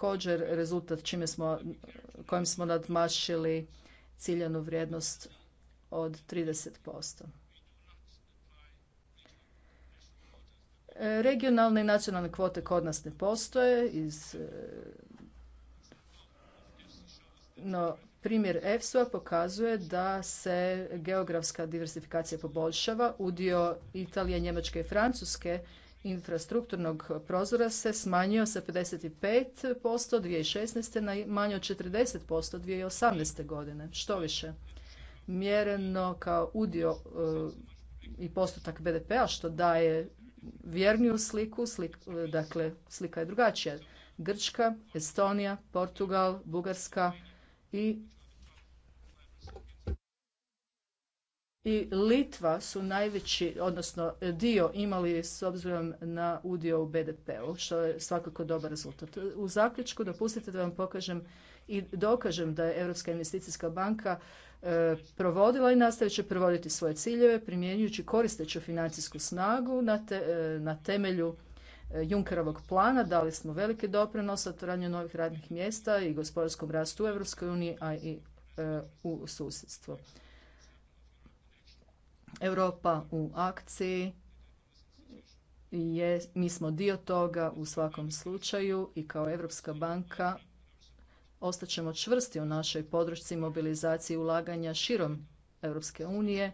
također rezultat čime smo, kojim smo nadmašili ciljanu vrijednost od 30%. Regionalne i nacionalne kvote kod nas ne postoje iz no, Primjer efso pokazuje da se geografska diversifikacija poboljšava. Udio Italije, Njemačke i Francuske infrastrukturnog prozora se smanjio sa 55% 2016. na manje od 40% 2018. godine. Što više, mjereno kao udio e, i postotak BDP-a što daje vjerniju sliku, e, dakle slika je drugačija. Grčka, Estonija, Portugal, Bugarska i i Litva su najveći, odnosno dio imali s obzirom na udio u BDP-u, što je svakako dobar rezultat. U zaključku dopustite da vam pokažem i dokažem da je Europska investicijska banka e, provodila i nastavit će provoditi svoje ciljeve primjenjujući koristeću financijsku snagu na, e, na temelju e, Junkerovog plana dali smo velike doprinose otvaranju novih radnih mjesta i gospodarskom rastu u EU, a i u susjedstvu. Europa u akciji je, mi smo dio toga u svakom slučaju i kao Europska banka ostaćemo čvrsti u našoj podršci mobilizaciji ulaganja širom Europske unije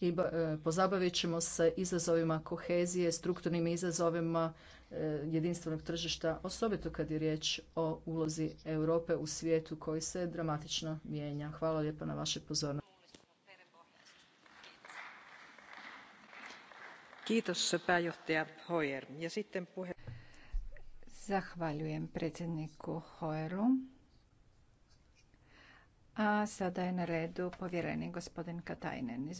i e, pozabavit ćemo se izazovima kohezije, strukturnim izazovima e, jedinstvenog tržišta, osobito kad je riječ o ulozi Europe u svijetu koji se dramatično mijenja. Hvala lijepa na vaše pozornosti. Zahvaljujem predsjedniku Hoeru. A sada je na redu povjereni gospodin Katajnen.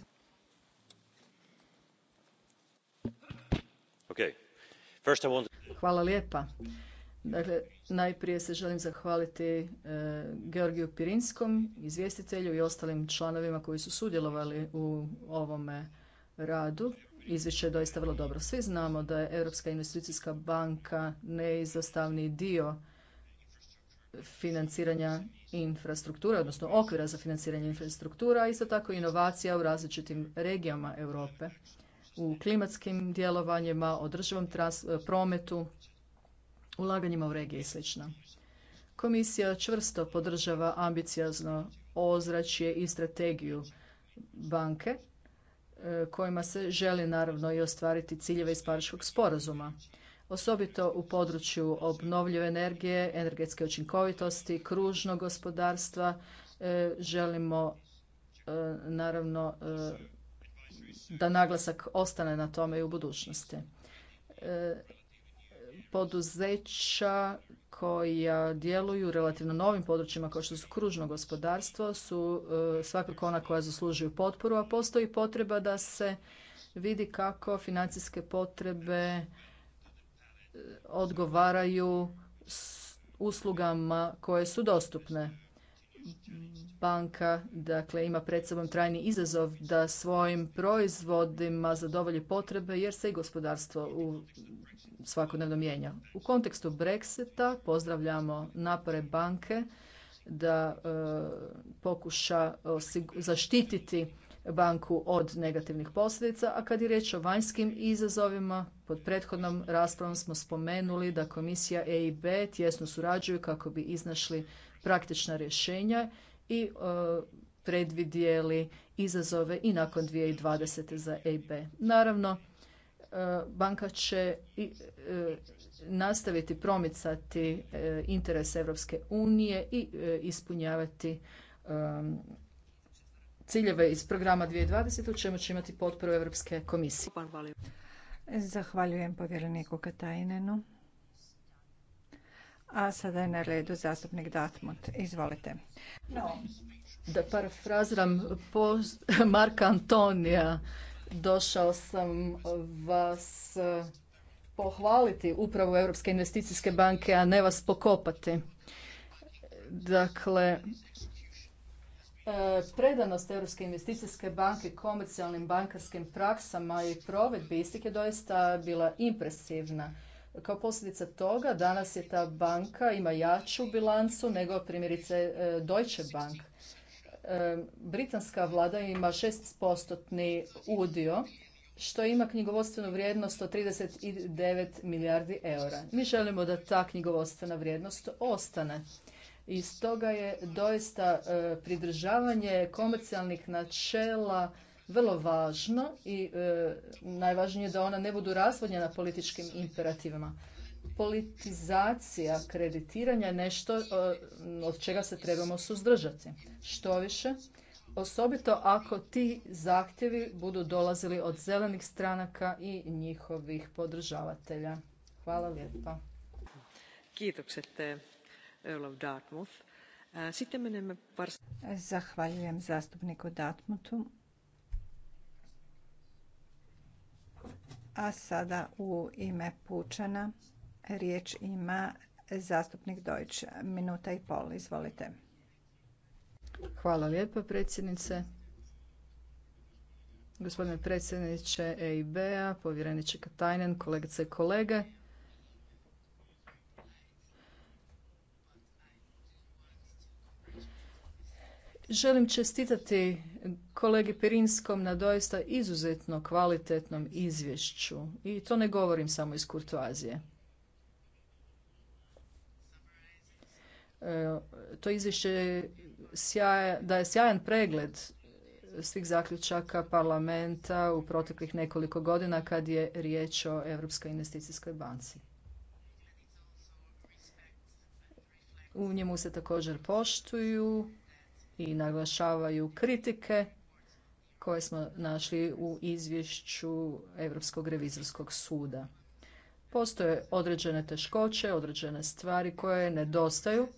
Hvala lijepa. Dakle, najprije se želim zahvaliti e, Georgiju Pirinskom, izvjestitelju i ostalim članovima koji su sudjelovali u ovome radu izvješće je doista vrlo dobro. Svi znamo da je Europska investicijska banka neizostavni dio financiranja infrastruktura, odnosno okvira za financiranje infrastruktura, a isto tako inovacija u različitim regijama Europe, u klimatskim djelovanjima, održivom prometu, ulaganjima u regije i sl. Komisija čvrsto podržava ambiciozno ozračje i strategiju banke kojima se želi naravno i ostvariti ciljeve iz Pariškog sporazuma. Osobito u području obnovljive energije, energetske učinkovitosti, kružnog gospodarstva e, želimo e, naravno e, da naglasak ostane na tome i u budućnosti poduzeća koja djeluju u relativno novim područjima kao što su kružno gospodarstvo su e, svakako ona koja zaslužuju potporu, a postoji potreba da se vidi kako financijske potrebe e, odgovaraju uslugama koje su dostupne banka dakle ima pred sobom trajni izazov da svojim proizvodima zadovolji potrebe jer se i gospodarstvo u svakodnevno mijenja. U kontekstu Brexita pozdravljamo napore banke da e, pokuša zaštititi banku od negativnih posljedica, a kad je riječ o vanjskim izazovima, pod prethodnom raspravom smo spomenuli da komisija EIB tjesno surađuju kako bi iznašli praktična rješenja i e, predvidjeli izazove i nakon 2020. za EIB. Naravno, e, banka će e, nastaviti promicati interes Europske unije i ispunjavati ciljeve iz programa 2020 u čemu će imati potporu Europske komisije. Zahvaljujem povjereniku Katajnenu. A sada je na redu zastupnik Datmut. Izvolite. No. Da parafraziram Marka Antonija, došao sam vas eh, pohvaliti upravo Europske investicijske banke, a ne vas pokopati. Dakle, eh, predanost Europske investicijske banke komercijalnim bankarskim praksama i provedbi istike je doista bila impresivna. Kao posljedica toga danas je ta banka ima jaču bilancu nego primjerice e, Deutsche Bank. E, britanska vlada ima 6% udio što ima knjigovodstvenu vrijednost od 39 milijardi eura. Mi želimo da ta knjigovodstvena vrijednost ostane. I stoga je doista e, pridržavanje komercijalnih načela vrlo važno i e, najvažnije je da ona ne budu razvodnjena političkim imperativima. Politizacija kreditiranja je nešto e, od čega se trebamo suzdržati. Što više, osobito ako ti zahtjevi budu dolazili od zelenih stranaka i njihovih podržavatelja. Hvala lijepa. E, Zahvaljujem zastupniku Datmutu. A sada u ime Pučana riječ ima zastupnik Dojč. Minuta i pol, izvolite. Hvala lijepa predsjednice. Gospodine predsjedniče EIB-a, povjereniče Katajnen, kolegice i kolege. Želim čestitati kolegi Perinskom na doista izuzetno kvalitetnom izvješću i to ne govorim samo iz kurtoazije. E, to izvješće daje sjajan pregled svih zaključaka parlamenta u proteklih nekoliko godina kad je riječ o Europskoj investicijskoj banci. U njemu se također poštuju i naglašavaju kritike koje smo našli u izvješću Europskog revizorskog suda. Postoje određene teškoće, određene stvari koje nedostaju,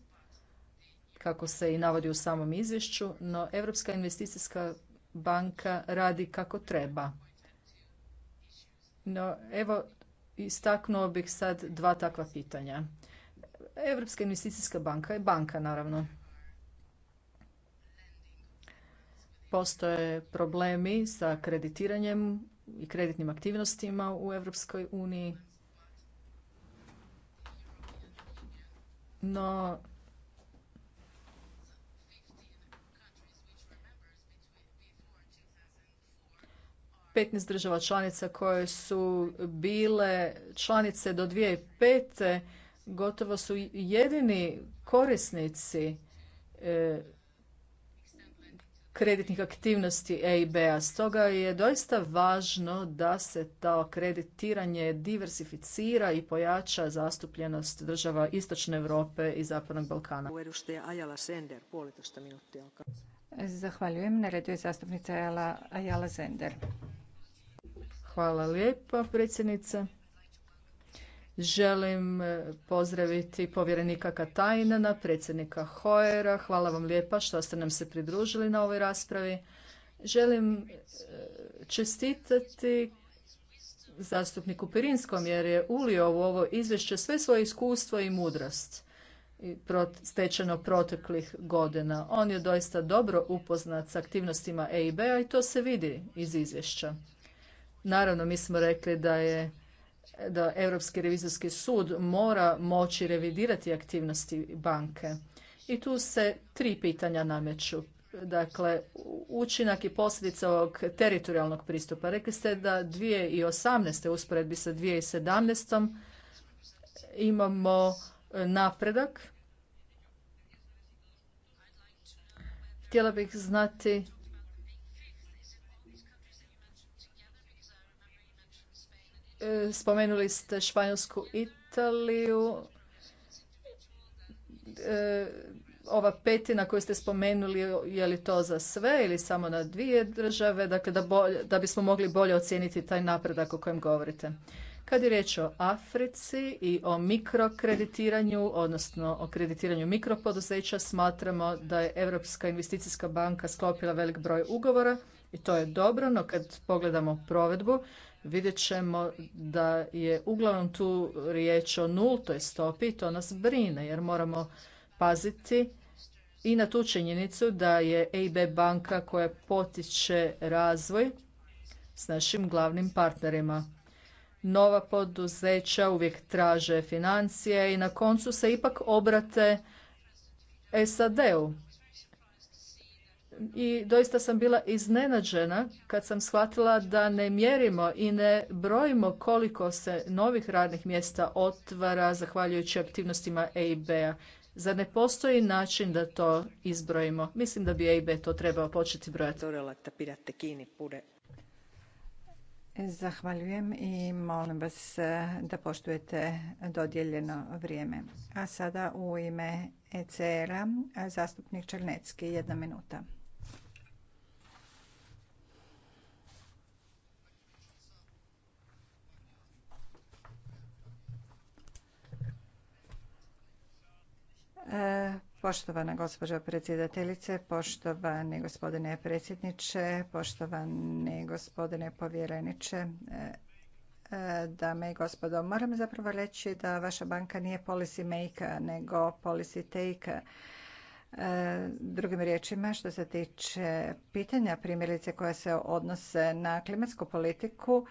kako se i navodi u samom izvješću, no Europska investicijska banka radi kako treba. No, evo, istaknuo bih sad dva takva pitanja. Europska investicijska banka je banka, naravno. Postoje problemi sa kreditiranjem i kreditnim aktivnostima u Europskoj uniji. No petnaest država članica koje su bile članice do 2005. gotovo su jedini korisnici e, kreditnih aktivnosti EIB-a. Stoga je doista važno da se to kreditiranje diversificira i pojača zastupljenost država Istočne Europe i Zapadnog Balkana. Zahvaljujem. Na redu je zastupnica Ajala Zender. Hvala lijepa, predsjednice. Želim e, pozdraviti povjerenika Katajnana, predsjednika Hoera. Hvala vam lijepa što ste nam se pridružili na ovoj raspravi. Želim e, čestitati zastupniku Pirinskom jer je ulio u ovo izvješće sve svoje iskustvo i mudrost stečeno proteklih godina. On je doista dobro upoznat s aktivnostima EIB-a i to se vidi iz izvješća. Naravno, mi smo rekli da je da Europski revizorski sud mora moći revidirati aktivnosti banke. I tu se tri pitanja nameću. Dakle, učinak i posljedica ovog teritorijalnog pristupa. Rekli ste da 2018. usporedbi sa 2017. imamo e, napredak. Htjela bih znati E, spomenuli ste Španjolsku Italiju. E, ova petina koju ste spomenuli, je li to za sve ili samo na dvije države? Dakle, da, da bismo mogli bolje ocijeniti taj napredak o kojem govorite. Kad je riječ o Africi i o mikrokreditiranju, odnosno o kreditiranju mikropoduzeća, smatramo da je Europska investicijska banka sklopila velik broj ugovora i to je dobro, no kad pogledamo provedbu, vidjet ćemo da je uglavnom tu riječ o nultoj stopi i to nas brine jer moramo paziti i na tu činjenicu da je EIB banka koja potiče razvoj s našim glavnim partnerima. Nova poduzeća uvijek traže financije i na koncu se ipak obrate SAD-u i doista sam bila iznenađena kad sam shvatila da ne mjerimo i ne brojimo koliko se novih radnih mjesta otvara zahvaljujući aktivnostima EIB-a. Zar ne postoji način da to izbrojimo? Mislim da bi EIB to trebao početi brojati. Zahvaljujem i molim vas da poštujete dodijeljeno vrijeme. A sada u ime ECR-a zastupnik Črnecki, jedna minuta. Poštovana gospođo predsjedateljice, poštovani gospodine predsjedniče, poštovani gospodine povjereniče, dame i gospodo. Moram zapravo reći da vaša banka nije policy maker, nego policy taker. Drugim riječima, što se tiče pitanja primjerice koja se odnose na klimatsku politiku,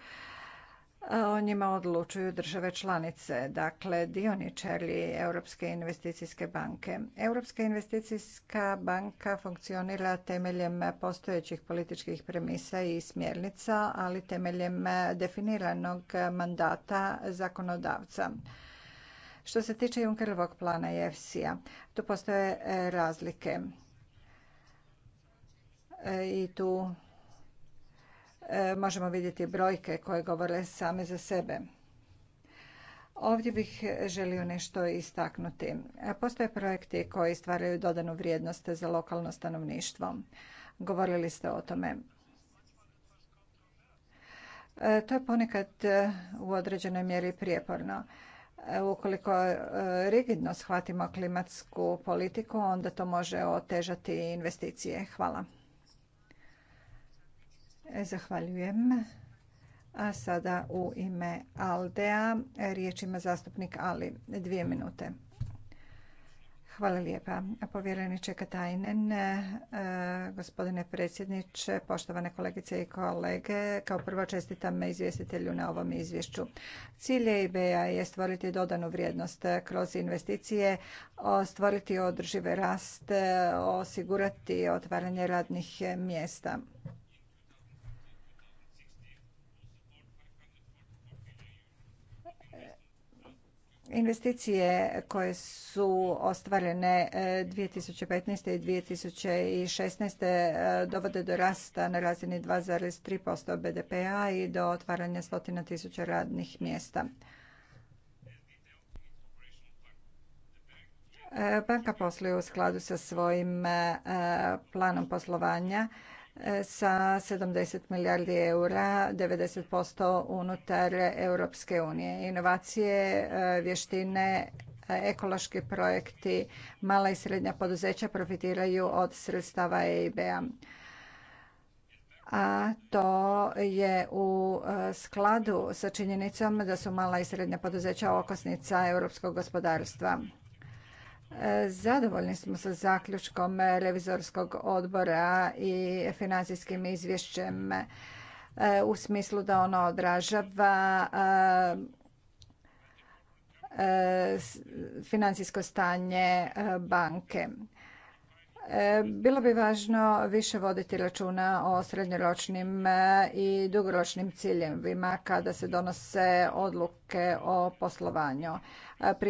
o njima odlučuju države članice, dakle dioničari Europske investicijske banke. Europska investicijska banka funkcionira temeljem postojećih političkih premisa i smjernica, ali temeljem definiranog mandata zakonodavca. Što se tiče Junkerovog plana EFSI-a, tu postoje e, razlike e, i tu E, možemo vidjeti brojke koje govore same za sebe. Ovdje bih želio nešto istaknuti. E, postoje projekti koji stvaraju dodanu vrijednost za lokalno stanovništvo. Govorili ste o tome. E, to je ponekad u određenoj mjeri prijeporno. Ukoliko rigidno shvatimo klimatsku politiku, onda to može otežati investicije. Hvala. Zahvaljujem. A sada u ime Aldea riječ ima zastupnik Ali. Dvije minute. Hvala lijepa. Povjereniče Katajnen, e, gospodine predsjedniče, poštovane kolegice i kolege, kao prvo čestitam izvjestitelju na ovom izvješću. Cilj eib je stvoriti dodanu vrijednost kroz investicije, stvoriti održive rast, e, osigurati otvaranje radnih mjesta. Investicije koje su ostvarene 2015. E, i 2016. E, dovode do rasta na razini 2,3% BDP-a i do otvaranja stotina tisuća radnih mjesta. E, banka posluje u skladu sa svojim planom poslovanja sa 70 milijardi eura, 90% unutar Europske unije. Inovacije, vještine, ekološki projekti, mala i srednja poduzeća profitiraju od sredstava EIB-a a to je u e, skladu sa činjenicom da su mala i srednja poduzeća okosnica europskog gospodarstva. Zadovoljni smo sa zaključkom revizorskog odbora i financijskim izvješćem e, u smislu da ono odražava e, financijsko stanje e, banke. Bilo bi važno više voditi računa o srednjoročnim e, i dugoročnim ciljevima kada se donose odluke o poslovanju.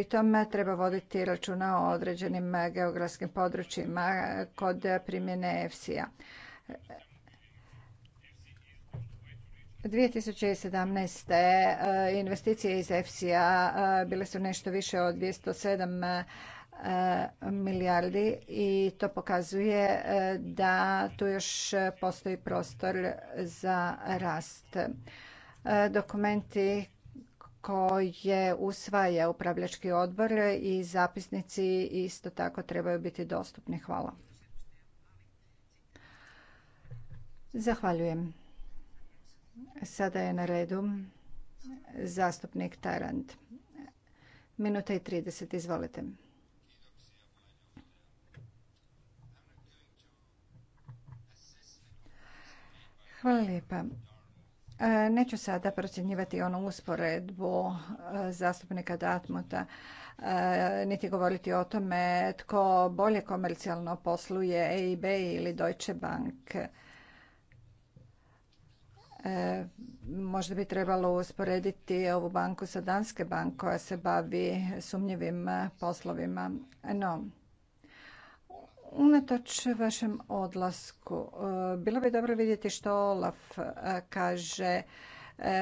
tome, treba voditi računa o određenim geografskim područjima kod primjene EFSI-a. 2017. E, investicije iz EFSI-a e, bile su nešto više od 207 E, milijardi i to pokazuje e, da tu još postoji prostor za rast. E, dokumenti koje usvaja upravljački odbor i zapisnici isto tako trebaju biti dostupni. Hvala. Zahvaljujem. Sada je na redu zastupnik Tarant. Minuta i 30, izvolite. Hvala lijepa. E, neću sada procjenjivati onu usporedbu e, zastupnika Datmuta, e, niti govoriti o tome tko bolje komercijalno posluje EIB ili Deutsche Bank. Možda bi trebalo usporediti ovu banku sa Danske bank koja se bavi sumnjivim poslovima. No, Unatoč vašem odlasku, e, bilo bi dobro vidjeti što Olaf e, kaže e,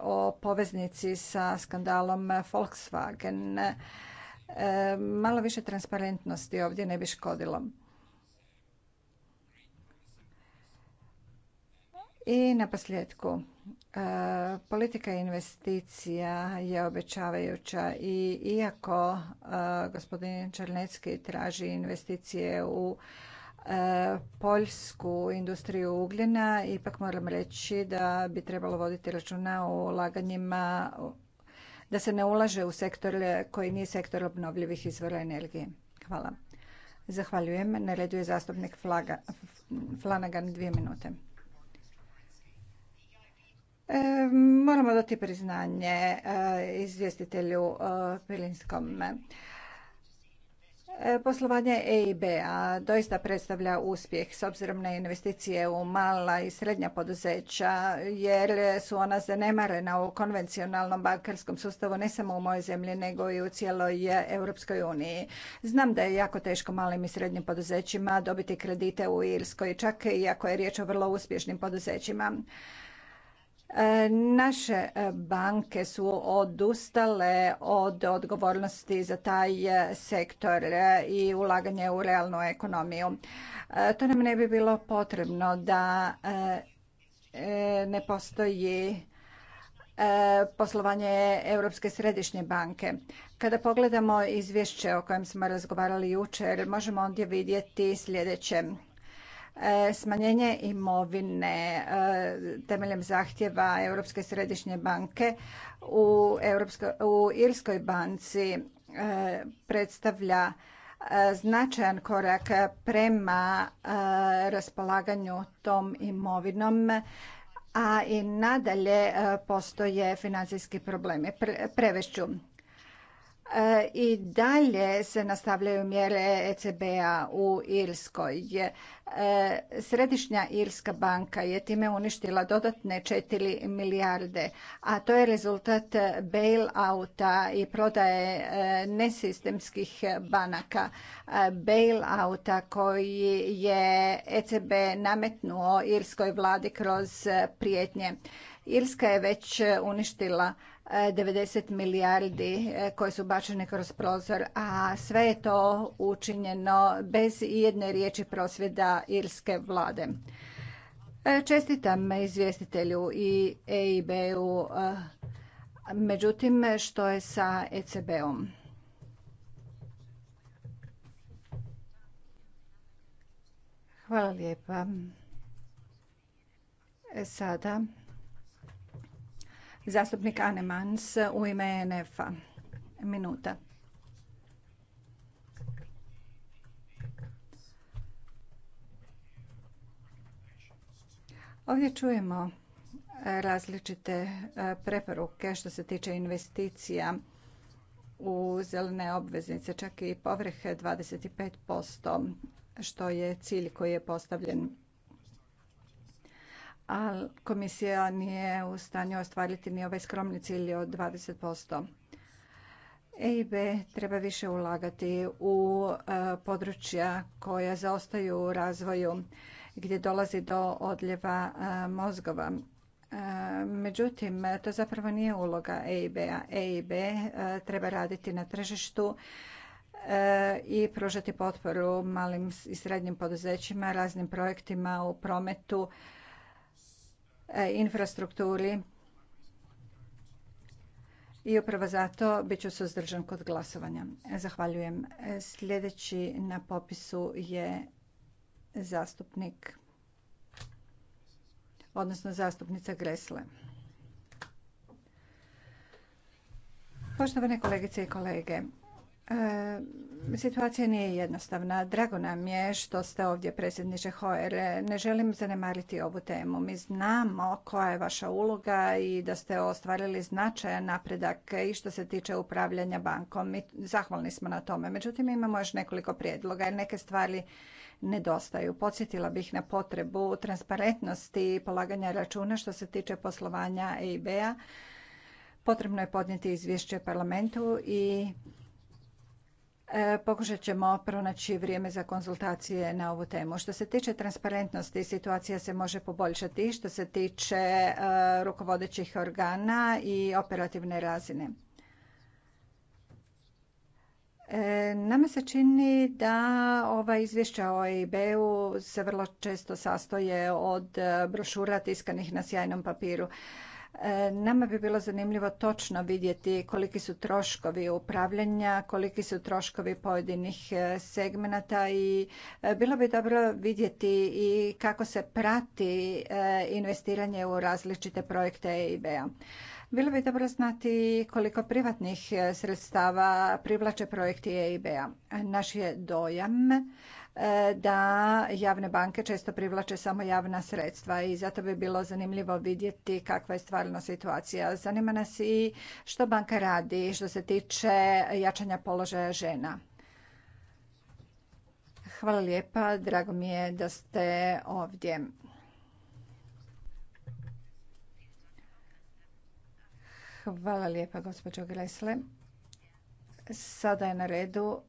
o poveznici sa skandalom Volkswagen. Malo više transparentnosti ovdje ne bi škodilo. I na posljedku, E, politika investicija je obećavajuća i iako e, gospodin Černecki traži investicije u e, poljsku industriju ugljena, ipak moram reći da bi trebalo voditi računa o ulaganjima da se ne ulaže u sektor koji nije sektor obnovljivih izvora energije. Hvala. Zahvaljujem. Na redu je zastupnik Flanagan dvije minute. E, moramo dati priznanje e, izvjestitelju e, Pilinskom. Poslovanje eib doista predstavlja uspjeh s obzirom na investicije u mala i srednja poduzeća jer su ona zanemarena u konvencionalnom bankarskom sustavu ne samo u mojoj zemlji nego i u cijeloj Europskoj uniji. Znam da je jako teško malim i srednjim poduzećima dobiti kredite u Irskoj čak i ako je riječ o vrlo uspješnim poduzećima. Naše e, banke su odustale od odgovornosti za taj e, sektor e, i ulaganje u realnu ekonomiju. To nam ne bi bilo potrebno da ne postoji poslovanje Europske središnje banke. Kada pogledamo izvješće o kojem smo razgovarali jučer, možemo ondje vidjeti sljedeće. E, smanjenje imovine e, temeljem zahtjeva Europske središnje banke u, Irskoj banci e, predstavlja značajan korak prema raspolaganju tom imovinom a i nadalje postoje financijski problemi. Prevešću. E, i dalje se nastavljaju mjere ECB-a u Irskoj. E, Središnja Irska banka je time uništila dodatne 4 milijarde, a to je rezultat bail-outa i prodaje e, nesistemskih banaka. Bail-outa koji je ECB nametnuo Irskoj vladi kroz prijetnje. Irska je već uništila 90 milijardi e, koje su bačene kroz prozor, a sve je to učinjeno bez jedne riječi prosvjeda irske vlade. E, čestitam izvjestitelju i EIB-u, e, međutim što je sa ECB-om? Hvala lijepa. Sada Zastupnik Mans u ime nf a Minuta. Ovdje čujemo različite e, preporuke što se tiče investicija u zelene obveznice, čak i povrhe 25%, što je cilj koji je postavljen a komisija nije u stanju ostvariti ni ovaj skromni cilj od 20%. EIB treba više ulagati u e, područja koja zaostaju u razvoju gdje dolazi do odljeva e, mozgova. E, međutim, to zapravo nije uloga EIB-a. EIB treba raditi na tržištu i pružati potporu malim i srednjim poduzećima, raznim projektima u prometu E, infrastrukturi i upravo zato bit ću suzdržan kod glasovanja. Zahvaljujem. Sljedeći na popisu je zastupnik, odnosno zastupnica Gresle. Poštovane kolegice i kolege, E, situacija nije jednostavna. Drago nam je što ste ovdje, predsjedniče Hoer. Ne želim zanemariti ovu temu. Mi znamo koja je vaša uloga i da ste ostvarili značajan napredak i što se tiče upravljanja bankom. Mi zahvalni smo na tome. Međutim, imamo još nekoliko prijedloga jer neke stvari nedostaju. Podsjetila bih na potrebu transparentnosti i polaganja računa što se tiče poslovanja EIB-a. Potrebno je podnijeti izvješće parlamentu i E, pokušat ćemo pronaći vrijeme za konzultacije na ovu temu. Što se tiče transparentnosti, situacija se može poboljšati što se tiče e, rukovodećih organa i operativne razine. E, nama se čini da ova izvješća o EIB-u se vrlo često sastoje od brošura tiskanih na sjajnom papiru. E, nama bi bilo zanimljivo točno vidjeti koliki su troškovi upravljanja, koliki su troškovi pojedinih e, segmenata i e, bilo bi dobro vidjeti i kako se prati investiranje u različite projekte EIB-a. Bilo bi dobro znati koliko privatnih sredstava privlače projekti EIB-a. Naš je dojam E, da javne banke često privlače samo javna sredstva i zato bi bilo zanimljivo vidjeti kakva je stvarno situacija. Zanima nas i što banka radi što se tiče jačanja položaja žena. Hvala lijepa, drago mi je da ste ovdje. Hvala lijepa, gospođo Gresle. Sada je na redu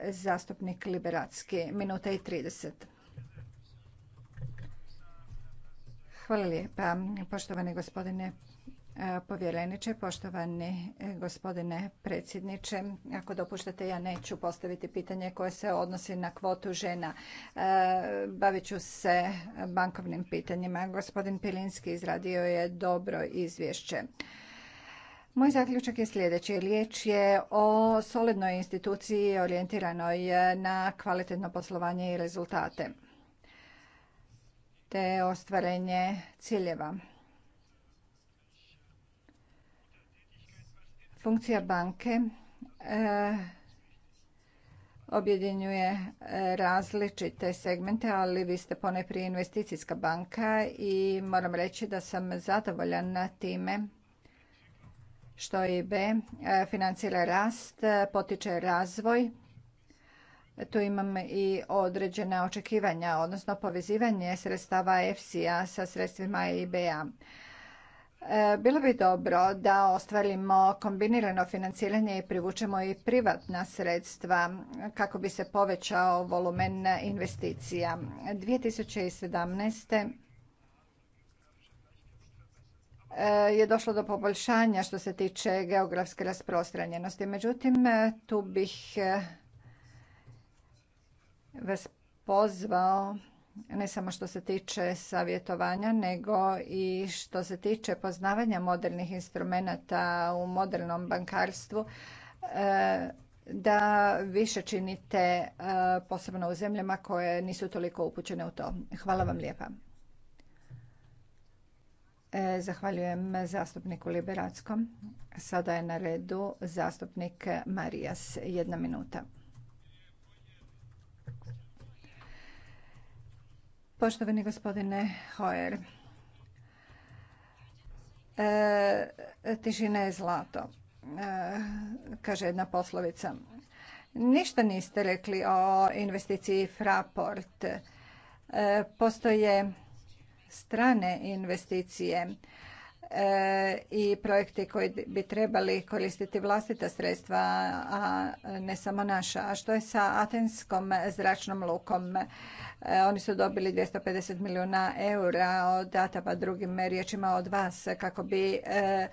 e, zastupnik Liberacki, minuta i 30. Hvala lijepa, poštovani gospodine e, povjereniče, poštovani e, gospodine predsjedniče. Ako dopuštate, ja neću postaviti pitanje koje se odnosi na kvotu žena. Bavit ću se bankovnim pitanjima. Gospodin Pilinski izradio je dobro izvješće. Moj zaključak je sljedeći. Riječ je o solidnoj instituciji orijentiranoj na kvalitetno poslovanje i rezultate te ostvarenje ciljeva. Funkcija banke e, objedinjuje e, različite segmente, ali vi ste prije investicijska banka i moram reći da sam zadovoljan time što B, e, financira rast, e, potiče razvoj. Tu imam i određena očekivanja, odnosno povezivanje sredstava EFSI-a sa sredstvima IB-a. E, bilo bi dobro da ostvarimo kombinirano financiranje i privučemo i privatna sredstva kako bi se povećao volumen investicija. 2017 je došlo do poboljšanja što se tiče geografske rasprostranjenosti. Međutim, tu bih eh, vas pozvao ne samo što se tiče savjetovanja, nego i što se tiče poznavanja modernih instrumenata u modernom bankarstvu, eh, da više činite eh, posebno u zemljama koje nisu toliko upućene u to. Hvala vam lijepa. E, zahvaljujem zastupniku Liberackom. Sada je na redu zastupnik Marijas. Jedna minuta. Poštovani gospodine Hoer, e, tišina je zlato, e, kaže jedna poslovica. Ništa niste rekli o investiciji Fraport. Postoje strane investicije e, i projekti koji bi trebali koristiti vlastita sredstva, a ne samo naša. A što je sa Atenskom zračnom lukom? E, oni su dobili 250 milijuna eura od Ataba, drugim riječima od vas, kako bi e,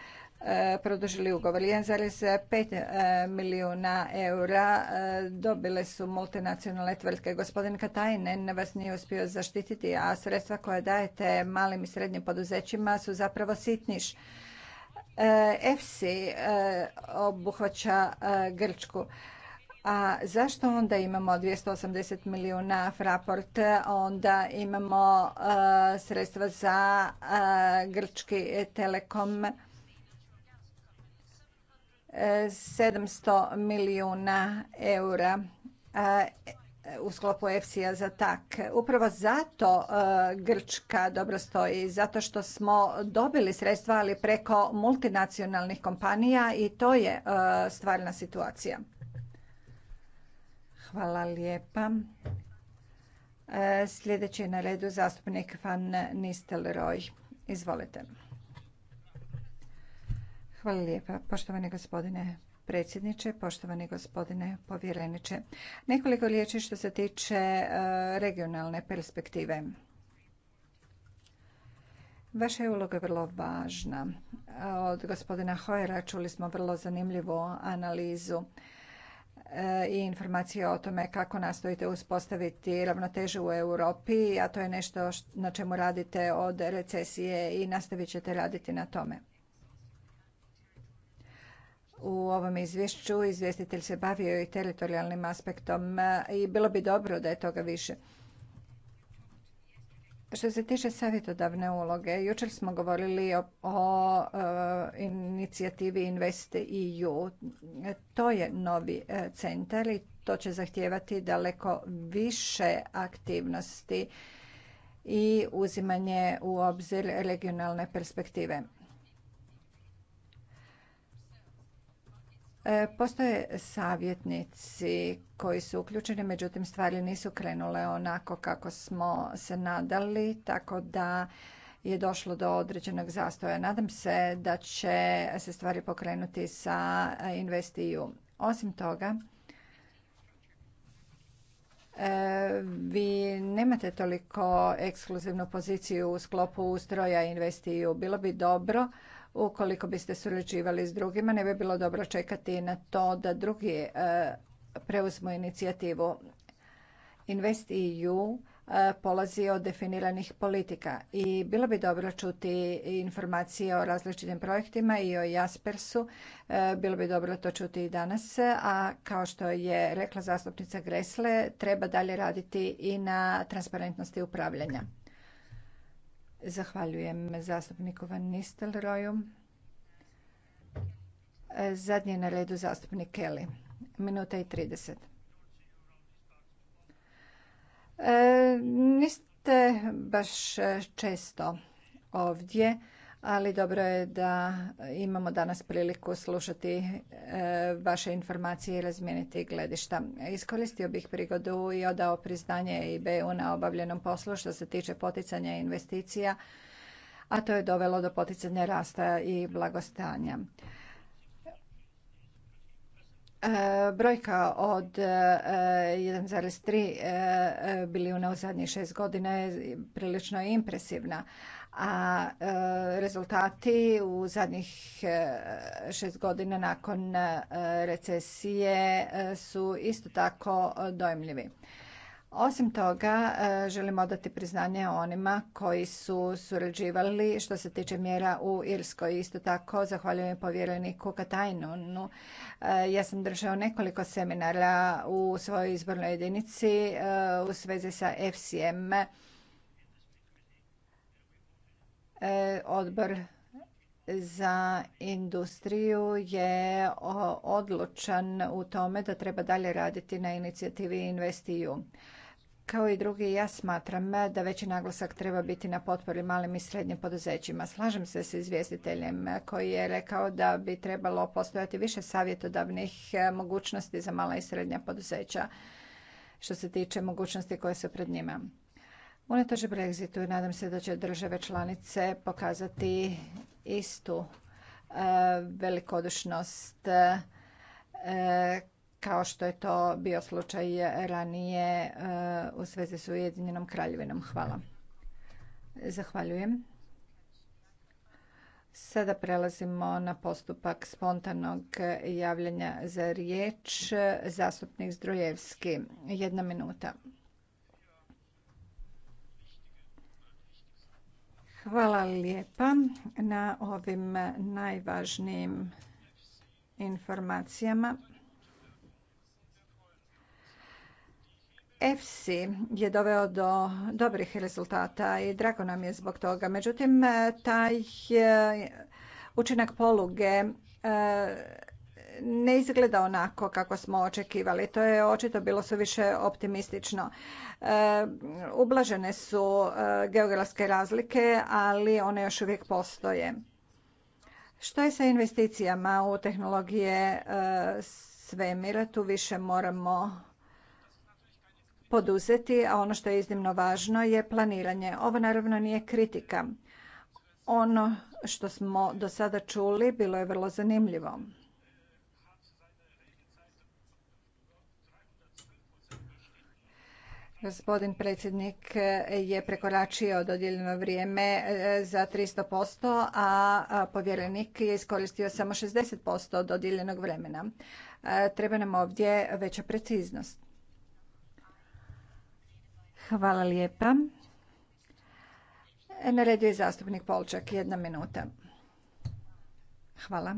produžili ugovor. 1,5 e, milijuna eura e, dobile su multinacionalne tvrtke. Gospodin Katajnen vas nije uspio zaštititi, a sredstva koja dajete malim i srednjim poduzećima su zapravo sitniš. EFSI e, obuhvaća Grčku. A zašto onda imamo 280 milijuna Fraport, onda imamo sredstva za grčki telekom, 700 milijuna eura u sklopu EFSI-a za tak. Upravo zato e, Grčka dobro stoji, zato što smo dobili sredstva, ali preko multinacionalnih kompanija i to je e, stvarna situacija. Hvala lijepa. E, sljedeći je na redu zastupnik Van Nistelrooy. Izvolite. Hvala lijepa, poštovani gospodine predsjedniče, poštovani gospodine povjereniče. Nekoliko riječi što se tiče e, regionalne perspektive. Vaša je uloga vrlo važna. Od gospodina Hojera čuli smo vrlo zanimljivu analizu e, i informacije o tome kako nastojite uspostaviti ravnotežu u Europi, a to je nešto na čemu radite od recesije i nastavit ćete raditi na tome u ovom izvješću. Izvjestitelj se bavio i teritorijalnim aspektom e, i bilo bi dobro da je toga više. Što se tiče savjetodavne uloge, jučer smo govorili o, e, inicijativi Invest EU. To je novi e, centar i to će zahtijevati daleko više aktivnosti i uzimanje u obzir regionalne perspektive. E, postoje savjetnici koji su uključeni, međutim stvari nisu krenule onako kako smo se nadali, tako da je došlo do određenog zastoja. Nadam se da će se stvari pokrenuti sa investiju. Osim toga, e, vi nemate toliko ekskluzivnu poziciju u sklopu ustroja investiju. Bilo bi dobro ukoliko biste surađivali s drugima. Ne bi bilo dobro čekati na to da drugi e, preuzmu inicijativu. InvestEU e, polazi od definiranih politika i bilo bi dobro čuti informacije o različitim projektima i o Jaspersu. E, bilo bi dobro to čuti i danas, a kao što je rekla zastupnica Gresle, treba dalje raditi i na transparentnosti upravljanja. Zahvaljujem zastupniku Van Nistelroju. Zadnji je na redu zastupnik Kelly. Minuta i 30. E, niste baš često ovdje ali dobro je da imamo danas priliku slušati e, vaše informacije i razmijeniti gledišta. Iskoristio bih prigodu i odao priznanje EIB-u na obavljenom poslu što se tiče poticanja investicija, a to je dovelo do poticanja rasta i blagostanja. E, brojka od 1,3 e, bilijuna u zadnjih šest godina je prilično impresivna, a e, rezultati u zadnjih e, šest godina nakon e, recesije su isto tako dojmljivi. Osim toga, želim odati priznanje onima koji su surađivali što se tiče mjera u Irskoj. Isto tako, zahvaljujem povjereniku Katajnonu. Ja sam držao nekoliko seminara u svojoj izbornoj jedinici u svezi sa FCM E, odbor za industriju je odlučan u tome da treba dalje raditi na inicijativi InvestEU. Kao i drugi, ja smatram da veći naglasak treba biti na potpori malim i srednjim poduzećima. Slažem se s izvjestiteljem koji je rekao da bi trebalo postojati više savjetodavnih e, mogućnosti za mala i srednja poduzeća što se tiče mogućnosti koje su pred njima. Unatoč Brexitu nadam se da će države članice pokazati istu e, velikodušnost e, kao što je to bio slučaj ranije e, u svezi s Ujedinjenom kraljevinom. Hvala. Zahvaljujem. Sada prelazimo na postupak spontanog javljanja za riječ. Zastupnik Zdrojevski, jedna minuta. Hvala lijepa na ovim najvažnijim informacijama. EFSI je doveo do dobrih rezultata i drago nam je zbog toga. Međutim, taj e, učinak poluge e, ne izgleda onako kako smo očekivali. To je očito bilo više optimistično. E, ublažene su e, geografske razlike, ali one još uvijek postoje. Što je sa investicijama u tehnologije e, svemira? Tu više moramo poduzeti, a ono što je iznimno važno je planiranje. Ovo naravno nije kritika. Ono što smo do sada čuli bilo je vrlo zanimljivo. Gospodin predsjednik je prekoračio dodijeljeno vrijeme e, za 300%, a povjerenik je iskoristio samo 60% dodijeljenog vremena. E, treba nam ovdje veća preciznost. Hvala lijepa. Na redu je zastupnik Polčak, jedna minuta. Hvala.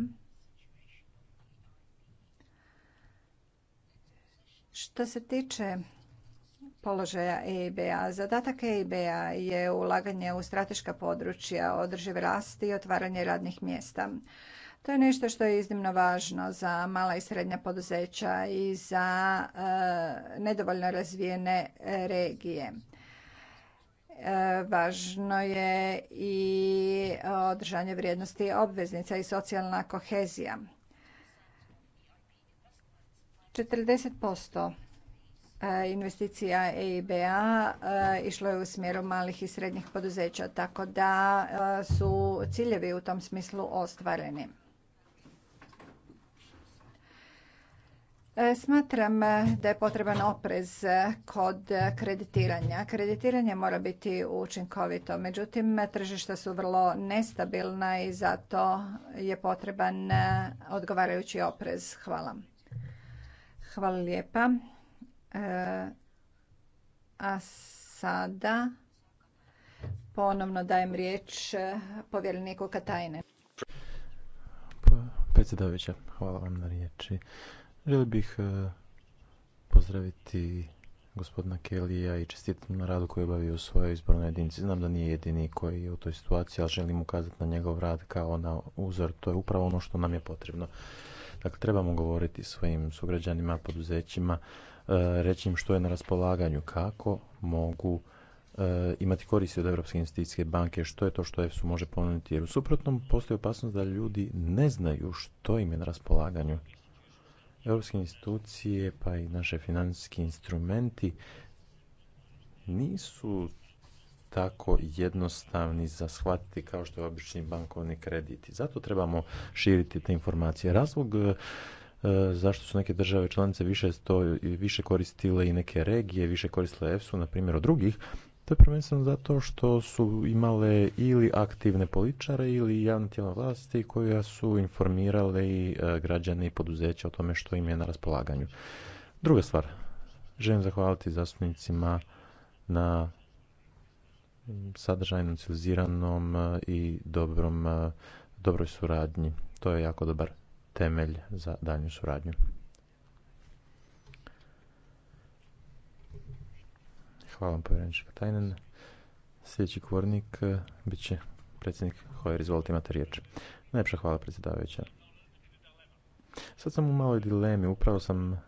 Što se tiče položaja EIB-a. Zadatak EIB-a je ulaganje u strateška područja, održiv rast i otvaranje radnih mjesta. To je nešto što je iznimno važno za mala i srednja poduzeća i za e, nedovoljno razvijene regije. E, važno je i održanje vrijednosti obveznica i socijalna kohezija. 40% investicija EIB-a išlo je u smjeru malih i srednjih poduzeća, tako da su ciljevi u tom smislu ostvareni. E, smatram da je potreban oprez kod kreditiranja. Kreditiranje mora biti učinkovito, međutim tržišta su vrlo nestabilna i zato je potreban odgovarajući oprez. Hvala. Hvala lijepa. E, a sada ponovno dajem riječ povjereniku Katajne. Pa, Predsjedovića, hvala vam na riječi. Želio bih e, pozdraviti gospodina Kelija i čestitam na radu koji je obavio u svojoj izbornoj jedinici. Znam da nije jedini koji je u toj situaciji, ali želim ukazati na njegov rad kao na uzor. To je upravo ono što nam je potrebno. Dakle, trebamo govoriti svojim sugrađanima, poduzećima, E, reći im što je na raspolaganju, kako mogu e, imati koristi od Europske investicijske banke, što je to što EFSU može ponuditi, jer u suprotnom postoji opasnost da ljudi ne znaju što im je na raspolaganju. Europske institucije pa i naše financijski instrumenti nisu tako jednostavni za shvatiti kao što je obični bankovni krediti. Zato trebamo širiti te informacije. Razlog E, zašto su neke države članice više, više koristile i neke regije, više koristile EFSU, na primjer, od drugih, to je prvenstveno zato što su imale ili aktivne političare ili javne tijela vlasti koja su informirale i e, građane i poduzeća o tome što im je na raspolaganju. Druga stvar, želim zahvaliti zastupnicima na sadržajnom, civiliziranom e, i dobrom, dobroj suradnji. To je jako dobar temelj za daljnju suradnju. Hvala vam, povjereniče Katajnen. Sljedeći govornik eh, bit će predsjednik Hojer. Izvolite, imate riječ. Najljepša hvala, predsjedavajuća. Sad sam u maloj dilemi. Upravo sam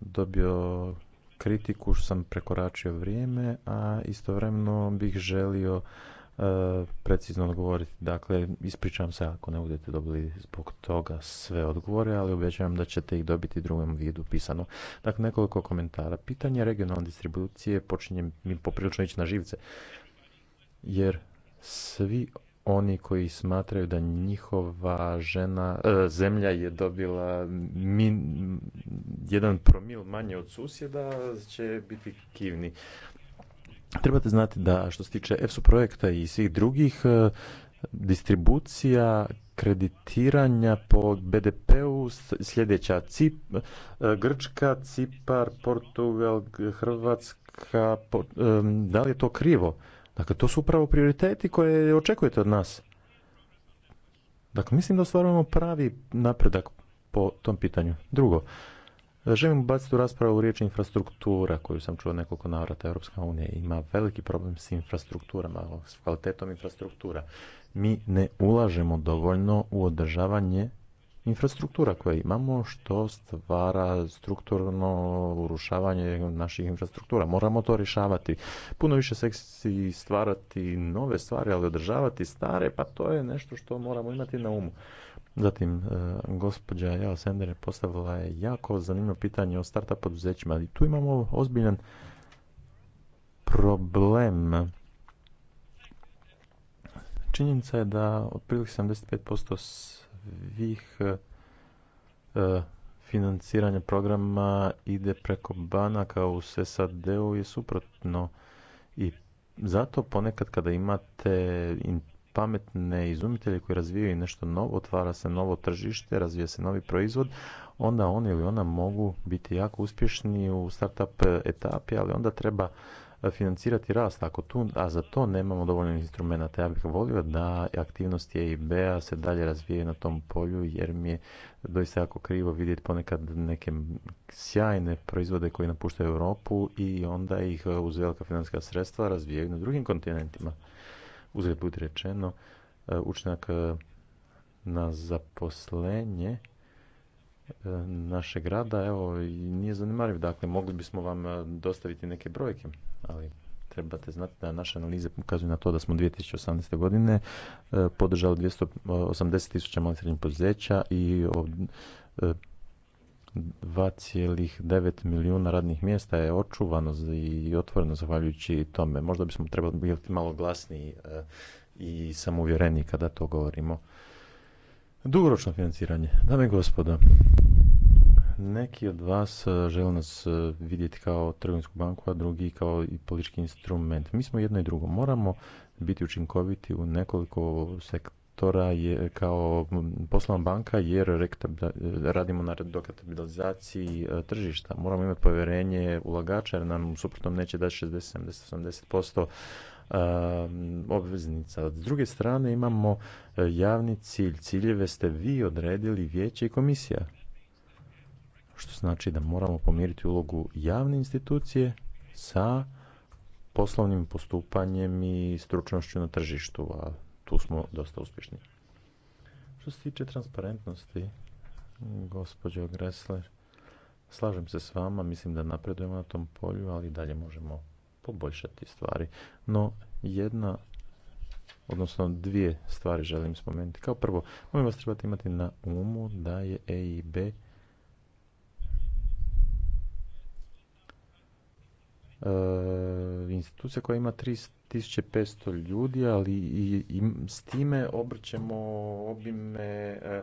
dobio kritiku što sam prekoračio vrijeme, a istovremeno bih želio precizno odgovoriti. Dakle, ispričavam se ako ne budete dobili zbog toga sve odgovore, ali obećavam da ćete ih dobiti drugom vidu pisano. Dakle, nekoliko komentara. Pitanje regionalne distribucije počinje mi poprilično ići na živce, jer svi oni koji smatraju da njihova žena, e, zemlja je dobila min, jedan promil manje od susjeda će biti kivni. Trebate znati da što se tiče EFSU projekta i svih drugih e, distribucija kreditiranja po BDP-u sljedeća Cip, e, Grčka, Cipar, Portugal, Hrvatska, e, da li je to krivo? Dakle, to su upravo prioriteti koje očekujete od nas. Dakle, mislim da ostvarujemo pravi napredak po tom pitanju. Drugo, Želim baciti u raspravu riječ infrastruktura koju sam čuo nekoliko navrata. Europska unija ima veliki problem s infrastrukturama, s kvalitetom infrastruktura. Mi ne ulažemo dovoljno u održavanje infrastruktura koje imamo što stvara strukturno urušavanje naših infrastruktura. Moramo to rješavati. Puno više seksi stvarati nove stvari, ali održavati stare, pa to je nešto što moramo imati na umu. Zatim, e, gospođa Jao Sender postavila je jako zanimljivo pitanje o startup poduzećima. I tu imamo ozbiljan problem. Činjenica je da otprilike 75% svih e, financiranja programa ide preko banaka u SAD-u je suprotno i zato ponekad kada imate pametne izumitelje koji razvijaju nešto novo, otvara se novo tržište, razvija se novi proizvod, onda on ili ona mogu biti jako uspješni u startup etapi, ali onda treba financirati rast, ako tu, a za to nemamo dovoljno instrumenta. Ja bih volio da aktivnosti EIB-a se dalje razvije na tom polju, jer mi je doista jako krivo vidjeti ponekad neke sjajne proizvode koji napuštaju Europu i onda ih uz velika financijska sredstva razvijaju na drugim kontinentima uzred budi rečeno, e, učinak e, na zaposlenje e, našeg rada, evo, nije zanimariv. Dakle, mogli bismo vam dostaviti neke brojke, ali trebate znati da naše analize ukazuju na to da smo 2018. godine podržali 280 tisuća malih srednjih poduzeća i 2,9 milijuna radnih mjesta je očuvano i otvoreno zahvaljujući tome. Možda bismo trebali biti malo glasniji e, i samouvjereniji kada to govorimo. Dugoročno financiranje. Dame i gospodo, neki od vas e, žele nas e, vidjeti kao trgovinsku banku, a drugi kao i politički instrument. Mi smo jedno i drugo. Moramo biti učinkoviti u nekoliko sektora sektora je kao poslovna banka jer radimo na dokapitalizaciji e, tržišta. Moramo imati povjerenje ulagača jer nam suprotno neće dati 60, 70, 80% obveznica. S druge strane imamo e, javni cilj. Ciljeve ste vi odredili vijeće i komisija. Što znači da moramo pomiriti ulogu javne institucije sa poslovnim postupanjem i stručnošću na tržištu. A tu smo dosta uspješni. Što se tiče transparentnosti, gospođo Gressler, slažem se s vama, mislim da napredujemo na tom polju, ali dalje možemo poboljšati stvari. No, jedna, odnosno dvije stvari želim spomenuti. Kao prvo, molim vas trebate imati na umu da je EIB uh, institucija koja ima 3500 ljudi, ali i, i s time obrćemo obime e,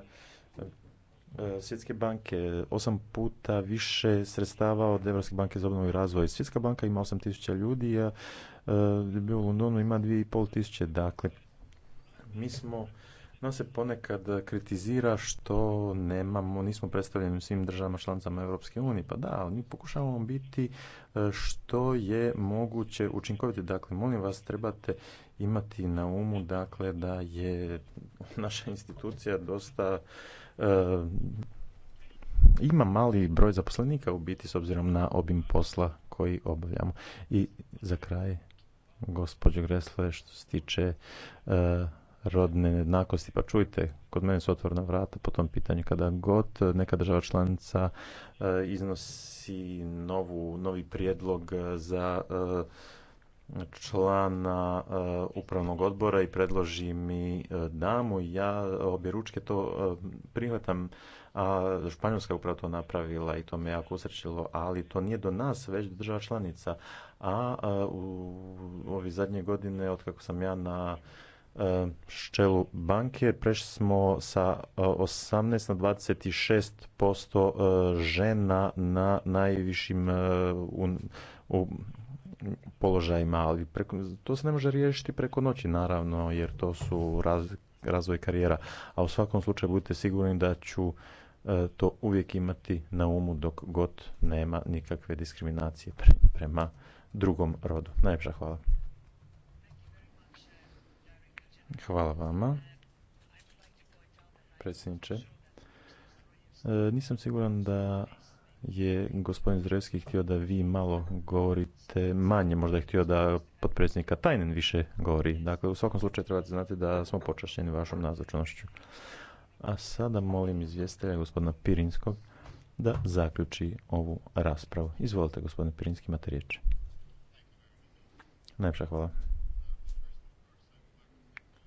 e, Svjetske banke, osam puta više sredstava od Evropske banke za obnovu i razvoj. Svjetska banka ima 8000 ljudi, a e, u Londonu ima 2500. Dakle, mi smo nas se ponekad kritizira što nemamo, nismo predstavljeni u svim državama članicama Europske unije. Pa da, ali mi pokušavamo biti e, što je moguće učinkoviti. Dakle, molim vas, trebate imati na umu dakle, da je naša institucija dosta e, ima mali broj zaposlenika u biti s obzirom na obim posla koji obavljamo. I za kraj, gospođo Gresle, što se tiče e, rodne nejednakosti. Pa čujte, kod mene su otvorena vrata po tom pitanju kada god neka država članica e, iznosi novu, novi prijedlog za e, člana e, upravnog odbora i predloži mi damu, ja obje ručke to prihvatam, a Španjolska je upravo to napravila i to me jako usrećilo, ali to nije do nas, već do država članica. A u, u ovi zadnje godine, otkako sam ja na ščelu e, banke. Prešli smo sa 18 e, na 26 posto e, žena na najvišim u položajima, ali preko, to se ne može riješiti preko noći, naravno, jer to su razvoj karijera. A u svakom slučaju budite sigurni da ću to uvijek imati na umu dok god nema nikakve diskriminacije prema drugom rodu. Najljepša hvala. Hvala vama, predsjedniče. E, nisam siguran da je gospodin Zdrojevski htio da vi malo govorite manje, možda je htio da potpredsjednika Tajnen više govori. Dakle, u svakom slučaju trebate znati da smo počašćeni vašom nazočnošću. A sada molim izvjestitelja gospodina Pirinskog da zaključi ovu raspravu. Izvolite, gospodine Pirinski, imate riječ. Najpša hvala.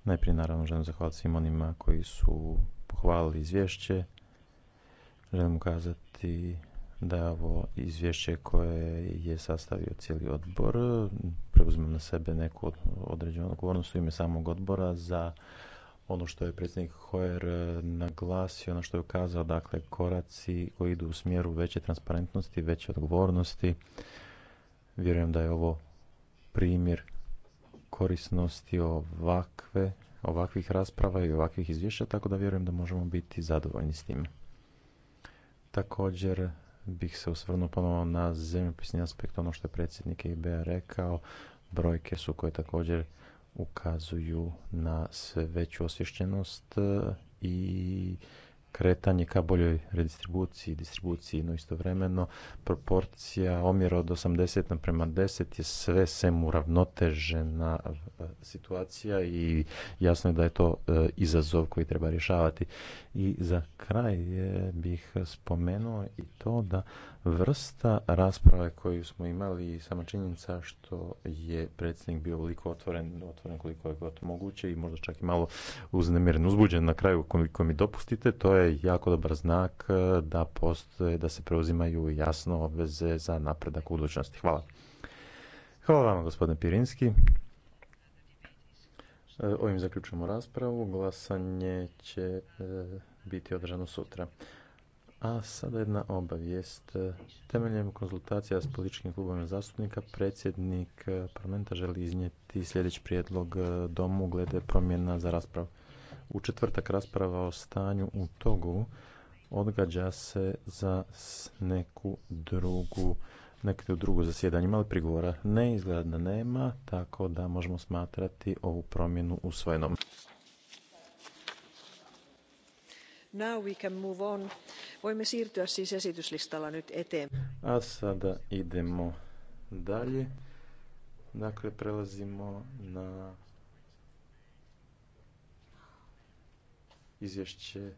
Najprije naravno želim zahvaliti svim onima koji su pohvalili izvješće. Želim ukazati da je ovo izvješće koje je sastavio cijeli odbor. Preuzimam na sebe neku određenu odgovornost u ime samog odbora za ono što je predsjednik Hoer e, naglasio, ono što je ukazao, dakle, koraci koji idu u smjeru veće transparentnosti, veće odgovornosti. Vjerujem da je ovo primjer korisnosti ovakve, ovakvih rasprava i ovakvih izvješća, tako da vjerujem da možemo biti zadovoljni s tim. Također bih se osvrnuo ponovo na zemljopisni aspekt, ono što je predsjednik e IBA rekao, brojke su koje također ukazuju na sve veću osvješćenost i kretanje ka boljoj redistribuciji i distribuciji, no istovremeno proporcija omjera od 80 naprema 10 je sve sem uravnotežena e, situacija i jasno je da je to e, izazov koji treba rješavati. I za kraj e, bih spomenuo i to da vrsta rasprave koju smo imali i sama činjenica što je predsjednik bio otvoren, otvoren koliko je to moguće i možda čak i malo uznemiren, uzbuđen na kraju koliko mi dopustite, to je jako dobar znak eh, da postoje, da se preuzimaju jasno obveze za napredak u budućnosti. Hvala. Hvala vam, gospodine Pirinski. Eh, ovim zaključujemo raspravu. Glasanje će eh, biti održano sutra. A sada jedna obavijest. Temeljem konzultacija s političkim klubovima zastupnika, predsjednik parlamenta želi iznijeti sljedeći prijedlog domu glede promjena za raspravu. U četvrtak rasprava o stanju u Togu odgađa se za neku drugu neku drugo zasjedanje. Ima prigovora? Ne, izgleda da nema, tako da možemo smatrati ovu promjenu usvojenom. Voimme siirtyä siis esityslistalla A sada idemo dalje. Dakle, prelazimo na izvješće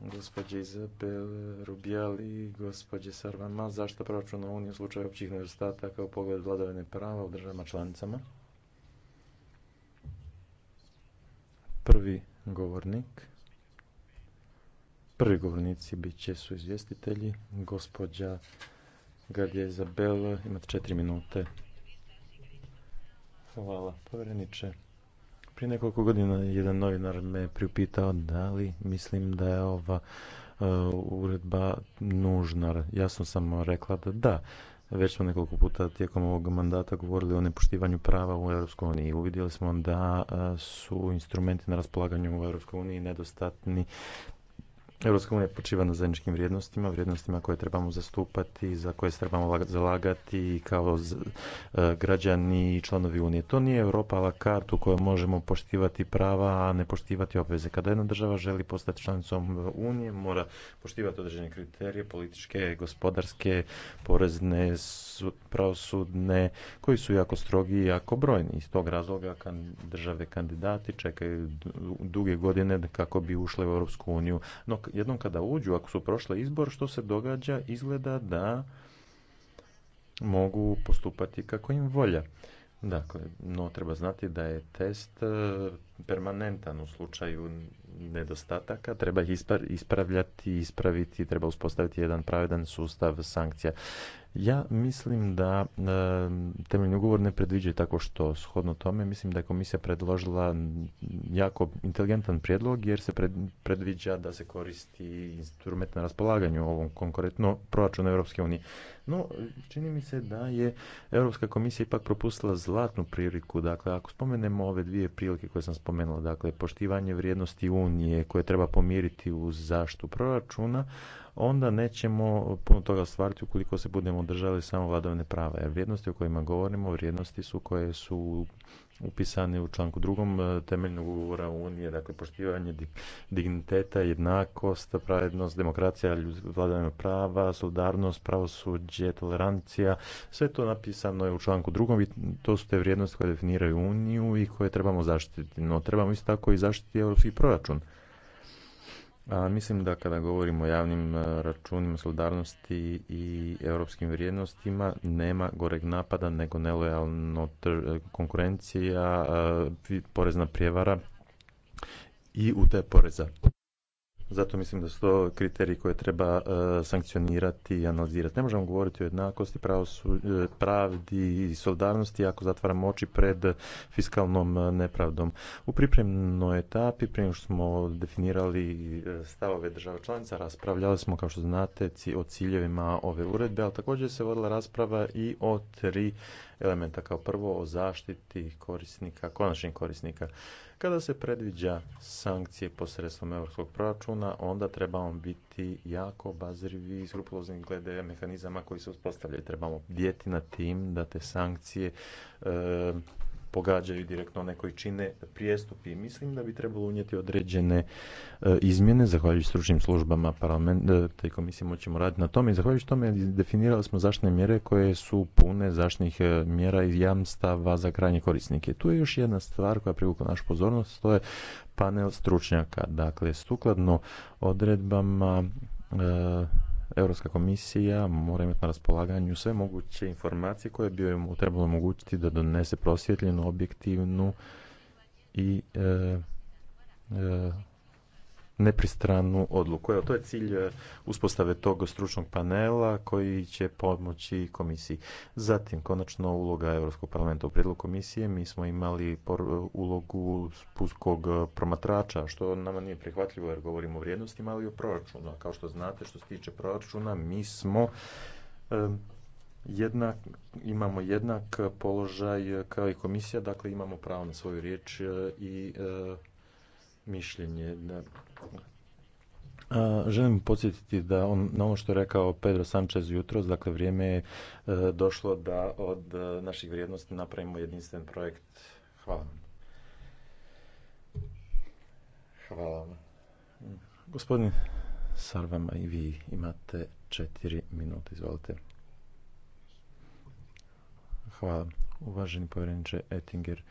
gospođe Izabel Rubijali i gospođe Sarvama zašto proračuna Unije u slučaju općih nedostataka kao pogledu vladavine prava u državama članicama. Prvi govornik Prvi govornici bit će su izvjestitelji. Gospođa Gadija Izabel, imate četiri minute. Hvala, povjereniče. Prije nekoliko godina jedan novinar me priupitao da li mislim da je ova e, uredba nužna. Jasno sam rekla da da. Već smo nekoliko puta tijekom ovog mandata govorili o nepoštivanju prava u Europskoj uniji. Uvidjeli smo da e, su instrumenti na raspolaganju u EU uniji nedostatni Europska unija počiva na zajedničkim vrijednostima, vrijednostima koje trebamo zastupati, za koje se trebamo zalagati kao e, građani i članovi unije. To nije Europa la carte u kojoj možemo poštivati prava, a ne poštivati obveze. Kada jedna država želi postati članicom unije, mora poštivati određene kriterije, političke, gospodarske, porezne, pravosudne, koji su jako strogi i jako brojni. Iz tog razloga kan države kandidati čekaju duge godine kako bi ušle u Europsku uniju. No jednom kada uđu, ako su prošle izbor, što se događa, izgleda da mogu postupati kako im volja. Dakle, no treba znati da je test e, permanentan u slučaju nedostataka, treba ih ispravljati, ispraviti, treba uspostaviti jedan pravedan sustav sankcija. Ja mislim da e, temeljni ugovor ne predviđa tako što shodno tome. Mislim da je komisija predložila jako inteligentan prijedlog jer se predviđa da se koristi instrument na raspolaganju ovom konkretno proračunu Europske unije. No, čini mi se da je Europska komisija ipak propustila zlatnu priliku. Dakle, ako spomenemo ove dvije prilike koje sam spomenula, dakle, poštivanje vrijednosti Unije koje treba pomiriti uz zaštu proračuna, onda nećemo puno toga stvariti ukoliko se budemo držali samo vladavine prava. Jer vrijednosti o kojima govorimo, vrijednosti su koje su upisane u članku drugom e, temeljnog ugovora Unije, dakle poštivanje digniteta, jednakost, pravednost, demokracija, vladavina prava, solidarnost, pravosuđe, tolerancija, sve to napisano je u članku drugom i to su te vrijednosti koje definiraju Uniju i koje trebamo zaštititi. No trebamo isto tako i zaštititi europski proračun a, mislim da kada govorimo o javnim e, računima solidarnosti i europskim vrijednostima nema goreg napada nego nelojalno e, konkurencija, e, porezna prijevara i UTE poreza. Zato mislim da su to kriteriji koje treba e, sankcionirati i analizirati. Ne možemo govoriti o jednakosti, e, pravdi i solidarnosti ako zatvaramo oči pred fiskalnom e, nepravdom. U pripremnoj etapi, prije što smo definirali stavove država članica, raspravljali smo, kao što znate, o ciljevima ove uredbe, ali također se vodila rasprava i o tri elementa. Kao prvo o zaštiti korisnika, konačnih korisnika. Kada se predviđa sankcije posredstvom europskog proračuna, onda trebamo biti jako bazrivi i skrupulozni glede mehanizama koji se uspostavljaju. Trebamo bdjeti na tim da te sankcije e, pogađaju direktno one koji čine prijestupi. Mislim da bi trebalo unijeti određene e, izmjene, zahvaljujući stručnim službama parlamenta i e, komisije moćemo raditi na tome i zahvaljujući tome definirali smo zaštne mjere koje su pune zaštnih e, mjera i jamstava za krajnje korisnike. Tu je još jedna stvar koja privukla našu pozornost, to je panel stručnjaka. Dakle, sukladno odredbama e, Europska komisija mora imati na raspolaganju sve moguće informacije koje bi joj trebalo omogućiti da donese prosvjetljenu, objektivnu i e, e, nepristranu odluku. Evo, to je cilj e, uspostave tog stručnog panela koji će pomoći komisiji. Zatim, konačno uloga Europskog parlamenta u prijedlogu komisije. Mi smo imali ulogu spuskog e, promatrača, što nama nije prihvatljivo jer govorimo o vrijednostima, ali i o proračunu. Kao što znate, što se tiče proračuna, mi smo e, jednak, imamo jednak položaj kao i komisija, dakle imamo pravo na svoju riječ i mišljenje. Da... A, želim podsjetiti da on, na ono što je rekao Pedro Sanchez jutros, dakle vrijeme je e, došlo da od e, naših vrijednosti napravimo jedinstven projekt. Hvala vam. Hvala vam. Gospodin Sarvama i vi imate četiri minute, izvolite. Hvala. Uvaženi povjereniče Ettinger,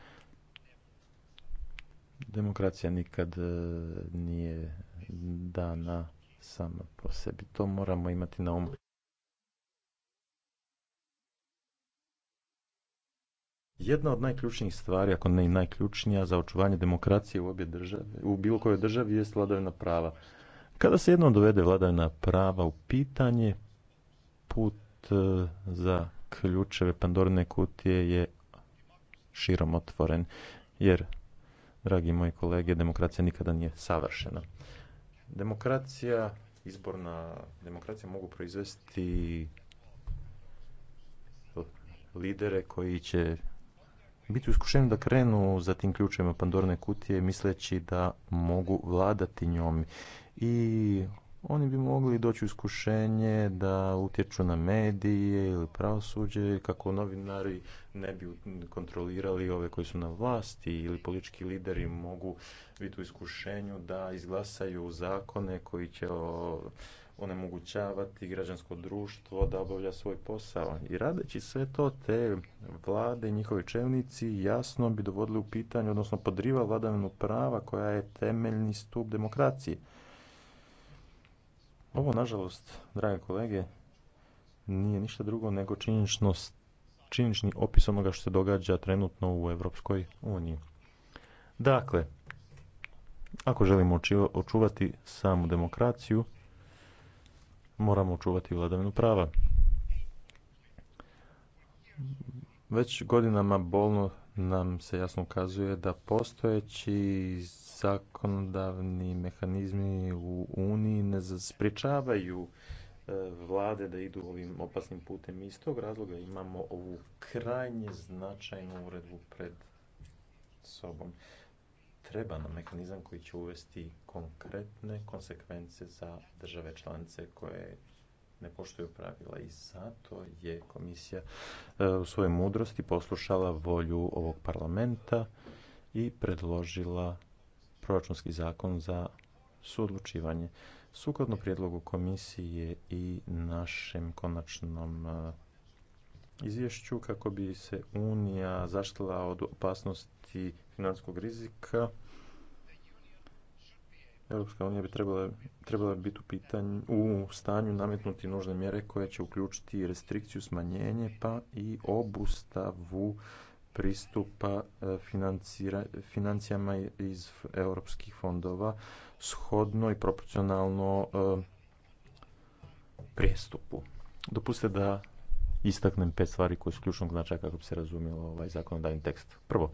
Demokracija nikad e, nije dana sama po sebi. To moramo imati na umu. Jedna od najključnijih stvari, ako ne i najključnija, za očuvanje demokracije u obje države, u bilo kojoj državi je vladavina prava. Kada se jednom dovede vladavina prava u pitanje, put e, za ključeve Pandorne kutije je širom otvoren, jer Dragi moji kolege, demokracija nikada nije savršena. Demokracija, izborna demokracija mogu proizvesti lidere koji će biti uskušeni da krenu za tim ključevima Pandorne kutije misleći da mogu vladati njom. I oni bi mogli doći u iskušenje da utječu na medije ili pravosuđe kako novinari ne bi kontrolirali ove koji su na vlasti ili politički lideri mogu biti u iskušenju da izglasaju zakone koji će onemogućavati građansko društvo da obavlja svoj posao. I radeći sve to, te vlade i njihovi čelnici jasno bi dovodili u pitanje, odnosno podriva vladavinu prava koja je temeljni stup demokracije. Ovo, nažalost, drage kolege, nije ništa drugo nego činjeničnost činični opis onoga što se događa trenutno u Europskoj uniji. Dakle, ako želimo očuvati samu demokraciju, moramo očuvati vladavinu prava. Već godinama bolno nam se jasno ukazuje da postojeći zakonodavni mehanizmi u Uniji ne spričavaju e, vlade da idu ovim opasnim putem. Iz tog razloga imamo ovu krajnje značajnu uredbu pred sobom. Treba nam mehanizam koji će uvesti konkretne konsekvence za države članice koje ne poštuju pravila i zato je komisija e, u svojoj mudrosti poslušala volju ovog parlamenta i predložila proračunski zakon za suodlučivanje. Sukladno prijedlogu komisije i našem konačnom e, izvješću kako bi se Unija zaštila od opasnosti financijskog rizika, Europska unija bi trebala, trebala biti u, pitanju, u stanju nametnuti nužne mjere koje će uključiti restrikciju, smanjenje pa i obustavu pristupa e, financijama iz europskih fondova shodno i proporcionalno e, pristupu. Dopustite da istaknem pet stvari koje su ključnog značaja kako bi se razumjelo ovaj zakonodavni tekst. Prvo,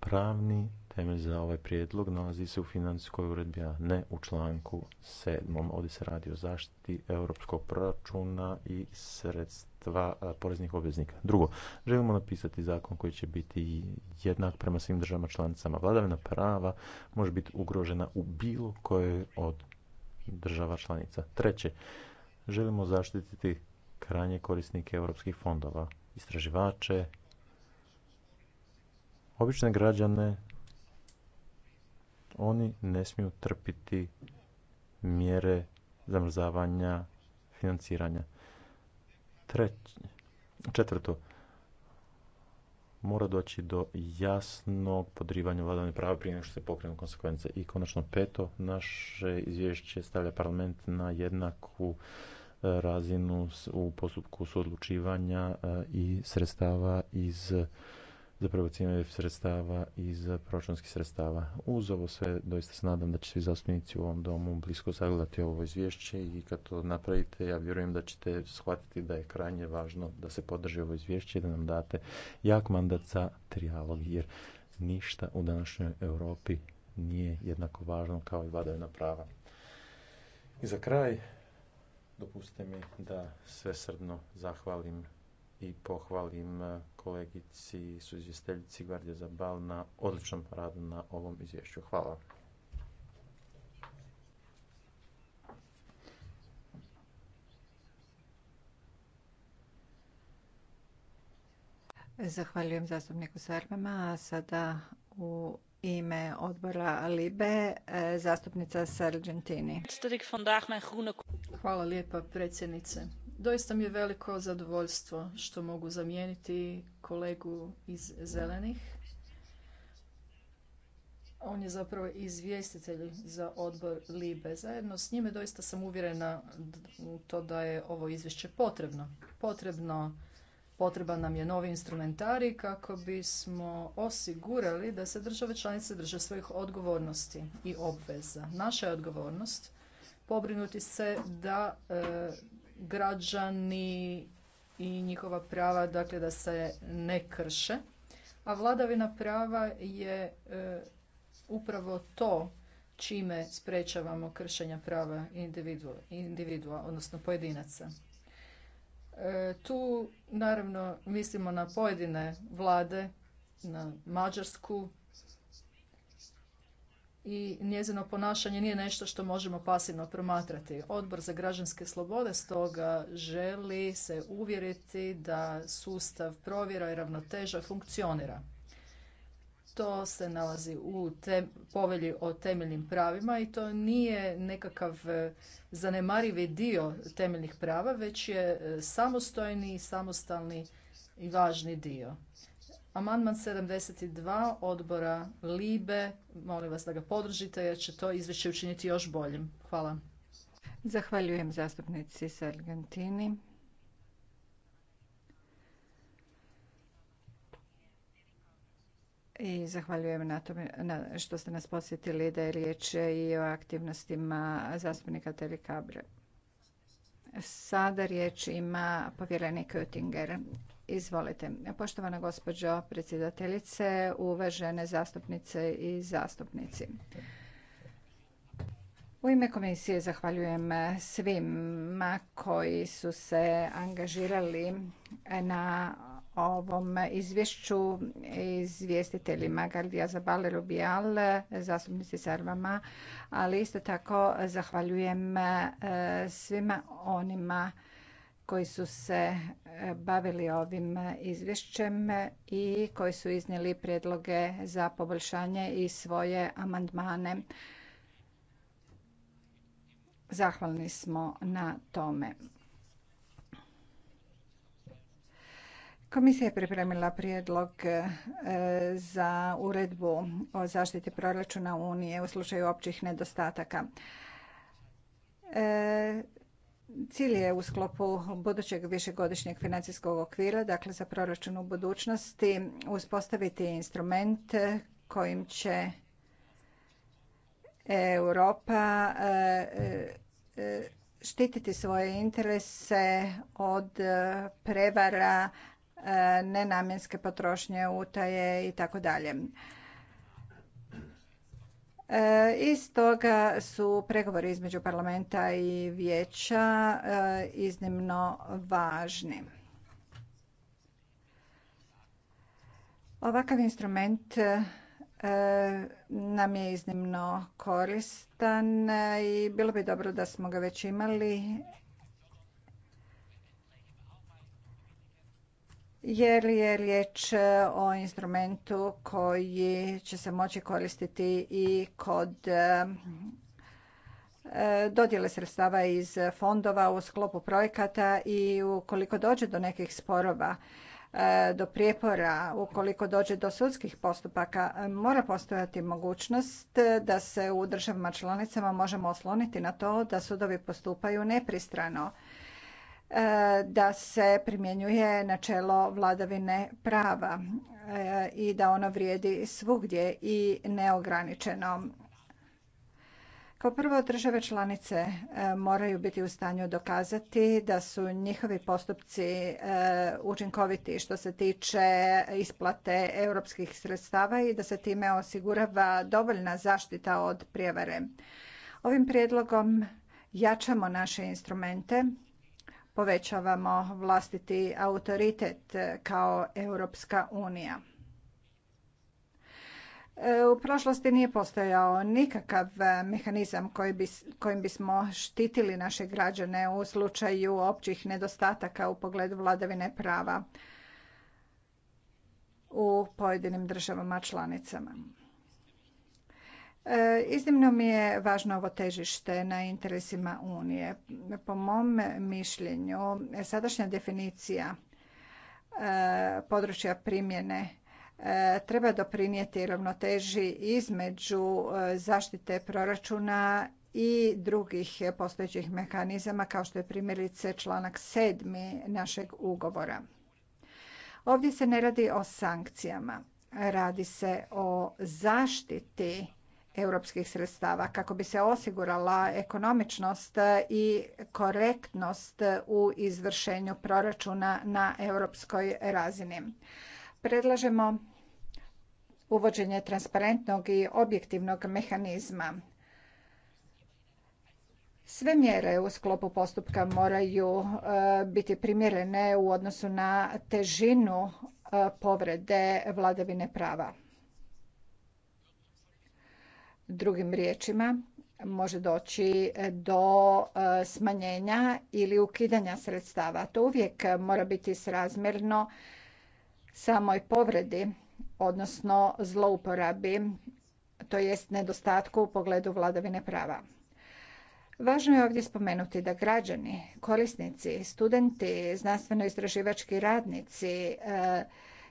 pravni temelj za ovaj prijedlog nalazi se u financijskoj uredbi, a ne u članku 7. Ovdje se radi o zaštiti europskog proračuna i sredstva poreznih obveznika. Drugo, želimo napisati zakon koji će biti jednak prema svim državama članicama. Vladavina prava može biti ugrožena u bilo koje od država članica. Treće, želimo zaštititi krajnje korisnike europskih fondova, istraživače, obične građane oni ne smiju trpiti mjere zamrzavanja financiranja. četvrto, mora doći do jasnog podrivanja vladavine prava prije nego što se pokrenu konsekvence. I konačno peto, naše izvješće stavlja parlament na jednaku e, razinu u postupku suodlučivanja e, i sredstava iz za prebacivanje sredstava iz proračunskih sredstava. Uz ovo sve doista se nadam da će svi zastupnici u ovom domu blisko sagledati ovo izvješće i kad to napravite ja vjerujem da ćete shvatiti da je krajnje važno da se podrži ovo izvješće i da nam date jak mandat za trijalog jer ništa u današnjoj Europi nije jednako važno kao i vladavina prava. I za kraj dopustite mi da svesrdno zahvalim i pohvalim kolegici suizvjestiteljici Gvardija Zabal na odličnom radu na ovom izvješću. Hvala. Zahvaljujem zastupniku Sarvama. A sada u ime odbora Libe, e, zastupnica Sargentini. Hvala lijepa predsjednice. Doista mi je veliko zadovoljstvo što mogu zamijeniti kolegu iz Zelenih. On je zapravo izvjestitelj za odbor LIBE. Zajedno s njime doista sam uvjerena u to da je ovo izvješće potrebno. Potrebno Potreban nam je novi instrumentari kako bismo osigurali da se države članice drže svojih odgovornosti i obveza. Naša je odgovornost pobrinuti se da e, građani i njihova prava dakle, da se ne krše a vladavina prava je e, upravo to čime sprečavamo kršenja prava individua, odnosno pojedinaca e, tu naravno mislimo na pojedine vlade na mađarsku i njezino ponašanje nije nešto što možemo pasivno promatrati. Odbor za građanske slobode stoga želi se uvjeriti da sustav provjera i ravnoteža funkcionira. To se nalazi u povelji o temeljnim pravima i to nije nekakav e, zanemarivi dio temeljnih prava, već je e, samostojni i samostalni i važni dio. Amandman 72 odbora LIBE, molim vas da ga podržite jer će to izvješće učiniti još boljim. Hvala. Zahvaljujem zastupnici s Argentini. i zahvaljujem na tome što ste nas posjetili da je riječ i o aktivnostima zastupnika Telikabre. Sada riječ ima povjerenik Oettinger. Izvolite. Poštovana gospođo predsjedateljice, uvažene zastupnice i zastupnici. U ime komisije zahvaljujem svima koji su se angažirali na ovom izvješću izvjestiteljima Gardija za Rubijal, zastupnici Sarvama, ali isto tako zahvaljujem e, svima onima koji su se e, bavili ovim izvješćem i koji su iznijeli prijedloge za poboljšanje i svoje amandmane. Zahvalni smo na tome. Komisija je pripremila prijedlog e, za uredbu o zaštiti proračuna Unije u slučaju općih nedostataka. E, Cilj je u sklopu budućeg višegodišnjeg financijskog okvira, dakle za proračun u budućnosti, uspostaviti instrument kojim će Europa e, e, štititi svoje interese od e, prevara, nenamjenske potrošnje, utaje i tako dalje. E, I stoga su pregovori između parlamenta i vijeća e, iznimno važni. Ovakav instrument e, nam je iznimno koristan i bilo bi dobro da smo ga već imali jer je riječ e, o instrumentu koji će se moći koristiti i kod e, e, dodjele sredstava iz fondova u sklopu projekata i ukoliko dođe do nekih sporova, do prijepora, ukoliko dođe do sudskih postupaka, mora postojati mogućnost da se u državama članicama možemo osloniti na to da sudovi postupaju nepristrano E, da se primjenjuje načelo vladavine prava e, i da ono vrijedi svugdje i neograničeno. Kao prvo, države članice e, moraju biti u stanju dokazati da su njihovi postupci učinkoviti što se tiče isplate europskih sredstava i da se time osigurava dovoljna zaštita od prijevare. Ovim prijedlogom jačamo naše instrumente povećavamo vlastiti autoritet kao Europska unija. E, u prošlosti nije postojao nikakav mehanizam kojim bismo štitili naše građane u slučaju općih nedostataka u pogledu vladavine prava u pojedinim državama članicama. E, iznimno mi je važno ovo težište na interesima Unije. Po mom mišljenju, sadašnja definicija e, područja primjene e, treba doprinijeti ravnoteži između zaštite proračuna i drugih postojećih mehanizama kao što je primjerice članak 7. našeg ugovora. Ovdje se ne radi o sankcijama, radi se o zaštiti europskih sredstava kako bi se osigurala ekonomičnost i korektnost u izvršenju proračuna na europskoj razini. Predlažemo uvođenje transparentnog i objektivnog mehanizma. Sve mjere u sklopu postupka moraju e, biti primjerene u odnosu na težinu e, povrede vladavine prava. Drugim riječima, može doći e, do e, smanjenja ili ukidanja sredstava. To uvijek mora biti srazmjerno samoj povredi, odnosno zlouporabi, to jest nedostatku u pogledu vladavine prava. Važno je ovdje spomenuti da građani, korisnici, studenti, znanstveno-istraživački radnici, e,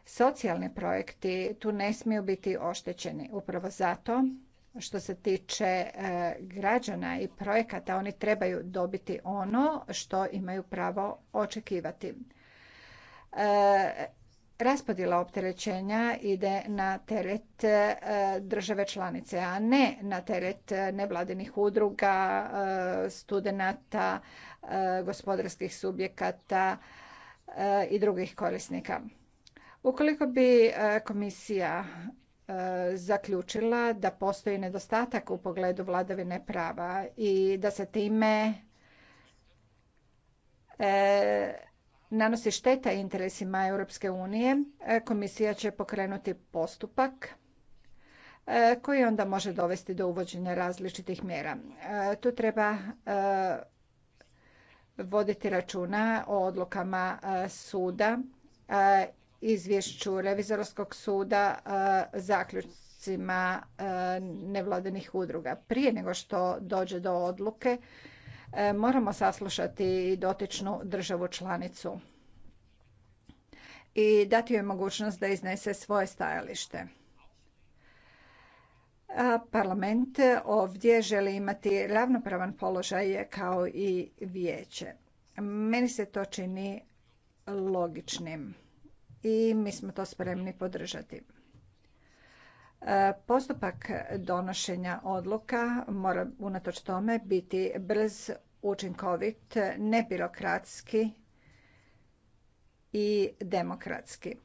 socijalni projekti tu ne smiju biti oštećeni. Upravo zato što se tiče e, građana i projekata oni trebaju dobiti ono što imaju pravo očekivati. E, raspodjela opterećenja ide na teret e, države članice, a ne na teret nevladinih udruga, studenata, gospodarskih subjekata i drugih korisnika. Ukoliko bi komisija zaključila da postoji nedostatak u pogledu vladavine prava i da se time e, nanosi šteta interesima Europske unije, e, komisija će pokrenuti postupak e, koji onda može dovesti do uvođenja različitih mjera. Tu treba voditi računa o odlukama suda izvješću Revizorskog suda e, zaključcima e, nevladinih udruga. Prije nego što dođe do odluke, e, moramo saslušati dotičnu državu članicu i dati joj mogućnost da iznese svoje stajalište. parlament ovdje želi imati ravnopravan položaj kao i vijeće. Meni se to čini logičnim i mi smo to spremni podržati. E, postupak donošenja odluka mora unatoč tome biti brz, učinkovit, nebirokratski i demokratski.